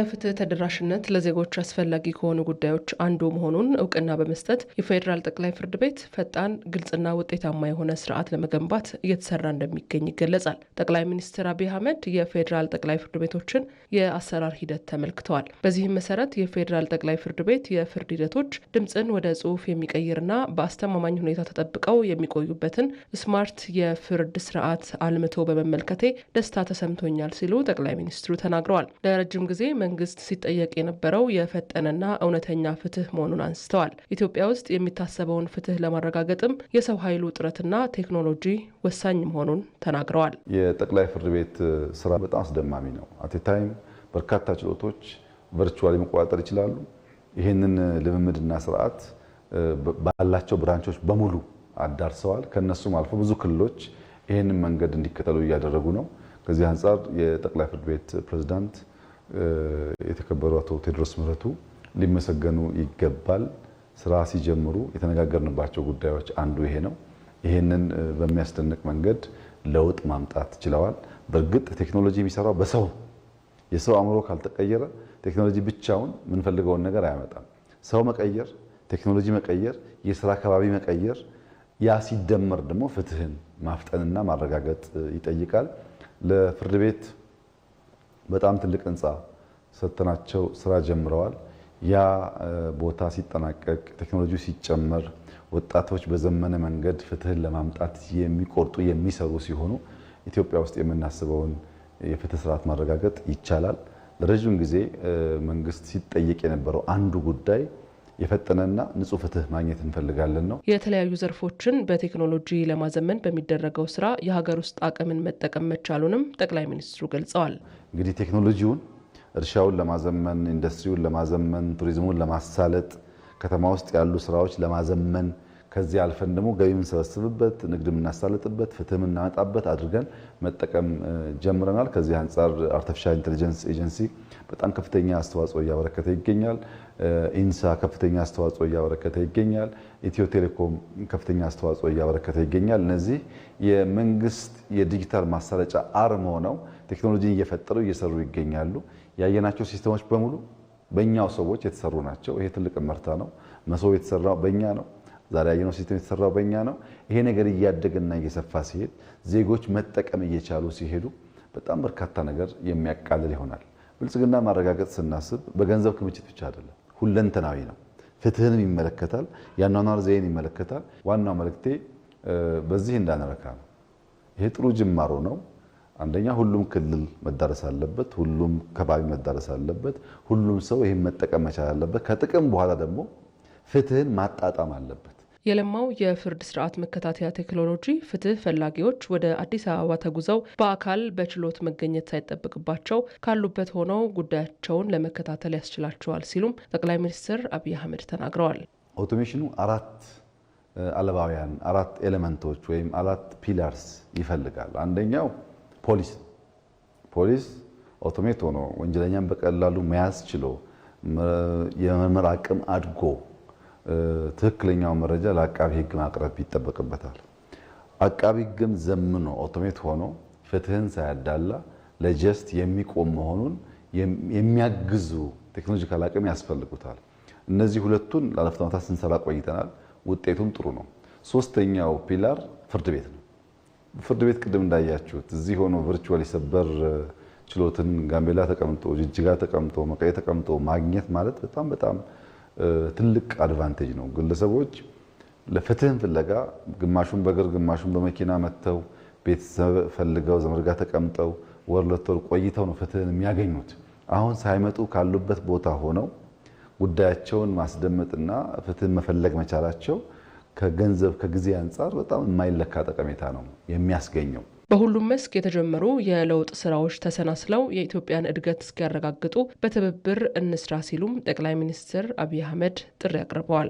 የፍትህ ተደራሽነት ለዜጎች አስፈላጊ ከሆኑ ጉዳዮች አንዱ መሆኑን እውቅና በመስጠት የፌዴራል ጠቅላይ ፍርድ ቤት ፈጣን፣ ግልጽና ውጤታማ የሆነ ስርዓት ለመገንባት እየተሰራ እንደሚገኝ ይገለጻል። ጠቅላይ ሚኒስትር አብይ አህመድ የፌዴራል ጠቅላይ ፍርድ ቤቶችን የአሰራር ሂደት ተመልክተዋል። በዚህም መሰረት የፌዴራል ጠቅላይ ፍርድ ቤት የፍርድ ሂደቶች ድምፅን ወደ ጽሁፍ የሚቀይርና በአስተማማኝ ሁኔታ ተጠብቀው የሚቆዩበትን ስማርት የፍርድ ስርዓት አልምቶ በመመልከቴ ደስታ ተሰምቶኛል ሲሉ ጠቅላይ ሚኒስትሩ ተናግረዋል። ለረጅም ጊዜ መንግስት ሲጠየቅ የነበረው የፈጠነና እውነተኛ ፍትህ መሆኑን አንስተዋል። ኢትዮጵያ ውስጥ የሚታሰበውን ፍትህ ለማረጋገጥም የሰው ኃይሉ ጥረትና ቴክኖሎጂ ወሳኝ መሆኑን ተናግረዋል። የጠቅላይ ፍርድ ቤት ስራ በጣም አስደማሚ ነው። አቴታይም በርካታ ችሎቶች ቨርቹዋሊ መቆጣጠር ይችላሉ። ይህንን ልምምድና ስርዓት ባላቸው ብራንቾች በሙሉ አዳርሰዋል። ከነሱም አልፎ ብዙ ክልሎች ይህንን መንገድ እንዲከተሉ እያደረጉ ነው። ከዚህ አንጻር የጠቅላይ ፍርድ ቤት ፕሬዝዳንት የተከበሩ አቶ ቴዎድሮስ ምህረቱ ሊመሰገኑ ይገባል። ስራ ሲጀምሩ የተነጋገርንባቸው ጉዳዮች አንዱ ይሄ ነው። ይሄንን በሚያስደንቅ መንገድ ለውጥ ማምጣት ችለዋል። በእርግጥ ቴክኖሎጂ የሚሰራው በሰው የሰው አእምሮ ካልተቀየረ ቴክኖሎጂ ብቻውን የምንፈልገውን ነገር አያመጣም። ሰው መቀየር፣ ቴክኖሎጂ መቀየር፣ የስራ አካባቢ መቀየር፣ ያ ሲደመር ደግሞ ፍትህን ማፍጠንና ማረጋገጥ ይጠይቃል። ለፍርድ ቤት በጣም ትልቅ ህንፃ ሰጥተናቸው ስራ ጀምረዋል። ያ ቦታ ሲጠናቀቅ ቴክኖሎጂ ሲጨመር ወጣቶች በዘመነ መንገድ ፍትህን ለማምጣት የሚቆርጡ የሚሰሩ ሲሆኑ ኢትዮጵያ ውስጥ የምናስበውን የፍትህ ስርዓት ማረጋገጥ ይቻላል። ለረዥም ጊዜ መንግስት ሲጠየቅ የነበረው አንዱ ጉዳይ የፈጠነና ንጹህ ፍትህ ማግኘት እንፈልጋለን ነው። የተለያዩ ዘርፎችን በቴክኖሎጂ ለማዘመን በሚደረገው ስራ የሀገር ውስጥ አቅምን መጠቀም መቻሉንም ጠቅላይ ሚኒስትሩ ገልጸዋል። እንግዲህ ቴክኖሎጂውን እርሻውን ለማዘመን ኢንዱስትሪውን ለማዘመን ቱሪዝሙን ለማሳለጥ ከተማ ውስጥ ያሉ ስራዎች ለማዘመን ከዚህ አልፈን ደግሞ ገቢ የምንሰበስብበት፣ ንግድ የምናሳልጥበት፣ ፍትህ የምናመጣበት አድርገን መጠቀም ጀምረናል። ከዚህ አንጻር አርቲፊሻል ኢንቴሊጀንስ ኤጀንሲ በጣም ከፍተኛ አስተዋጽኦ እያበረከተ ይገኛል። ኢንሳ ከፍተኛ አስተዋጽኦ እያበረከተ ይገኛል። ኢትዮ ቴሌኮም ከፍተኛ አስተዋጽኦ እያበረከተ ይገኛል። እነዚህ የመንግስት የዲጂታል ማሰረጫ አርም ሆነው ቴክኖሎጂን እየፈጠሩ እየሰሩ ይገኛሉ። ያየናቸው ሲስተሞች በሙሉ በእኛው ሰዎች የተሰሩ ናቸው። ይሄ ትልቅ እመርታ ነው። መሶብ የተሰራው በእኛ ነው። ዛሬ ያየነው ሲስተም የተሰራው በእኛ ነው። ይሄ ነገር እያደገና እየሰፋ ሲሄድ ዜጎች መጠቀም እየቻሉ ሲሄዱ በጣም በርካታ ነገር የሚያቃልል ይሆናል። ብልጽግና ማረጋገጥ ስናስብ በገንዘብ ክምችት ብቻ አይደለም፣ ሁለንተናዊ ነው። ፍትህንም ይመለከታል፣ የአኗኗር ዘይን ይመለከታል። ዋናው መልእክቴ በዚህ እንዳነረካ ነው። ይሄ ጥሩ ጅማሮ ነው። አንደኛ ሁሉም ክልል መዳረስ አለበት፣ ሁሉም ከባቢ መዳረስ አለበት፣ ሁሉም ሰው ይህን መጠቀም መቻል አለበት። ከጥቅም በኋላ ደግሞ ፍትህን ማጣጣም አለበት። የለማው የፍርድ ስርዓት መከታተያ ቴክኖሎጂ ፍትህ ፈላጊዎች ወደ አዲስ አበባ ተጉዘው በአካል በችሎት መገኘት ሳይጠበቅባቸው ካሉበት ሆነው ጉዳያቸውን ለመከታተል ያስችላቸዋል ሲሉም ጠቅላይ ሚኒስትር አብይ አህመድ ተናግረዋል። ኦቶሜሽኑ አራት አለባውያን አራት ኤሌመንቶች ወይም አራት ፒላርስ ይፈልጋል። አንደኛው ፖሊስ ፖሊስ ኦቶሜት ሆኖ ወንጀለኛን በቀላሉ መያዝ ችሎ የመመርመር አቅም አድጎ ትክክለኛው መረጃ ለአቃቢ ህግ ማቅረብ ይጠበቅበታል። አቃቢ ህግም ዘምኖ ኦቶሜት ሆኖ ፍትህን ሳያዳላ ለጀስት የሚቆም መሆኑን የሚያግዙ ቴክኖሎጂካል አቅም ያስፈልጉታል። እነዚህ ሁለቱን ላለፉት ዓመታት ስንሰራ ቆይተናል። ውጤቱም ጥሩ ነው። ሶስተኛው ፒላር ፍርድ ቤት ነው። ፍርድ ቤት ቅድም እንዳያችሁት እዚህ ሆኖ ቨርቹዋል የሰበር ችሎትን ጋምቤላ ተቀምጦ፣ ጅጅጋ ተቀምጦ፣ መቀሌ ተቀምጦ ማግኘት ማለት በጣም በጣም ትልቅ አድቫንቴጅ ነው። ግለሰቦች ለፍትህን ፍለጋ ግማሹን በእግር ግማሹን በመኪና መጥተው ቤተሰብ ፈልገው ዘመድ ጋር ተቀምጠው ወር ሁለት ወር ቆይተው ነው ፍትህን የሚያገኙት። አሁን ሳይመጡ ካሉበት ቦታ ሆነው ጉዳያቸውን ማስደመጥና ፍትህን መፈለግ መቻላቸው ከገንዘብ ከጊዜ አንጻር በጣም የማይለካ ጠቀሜታ ነው የሚያስገኘው። በሁሉም መስክ የተጀመሩ የለውጥ ስራዎች ተሰናስለው የኢትዮጵያን እድገት እስኪያረጋግጡ በትብብር እንስራ ሲሉም ጠቅላይ ሚኒስትር አብይ አህመድ ጥሪ አቅርበዋል።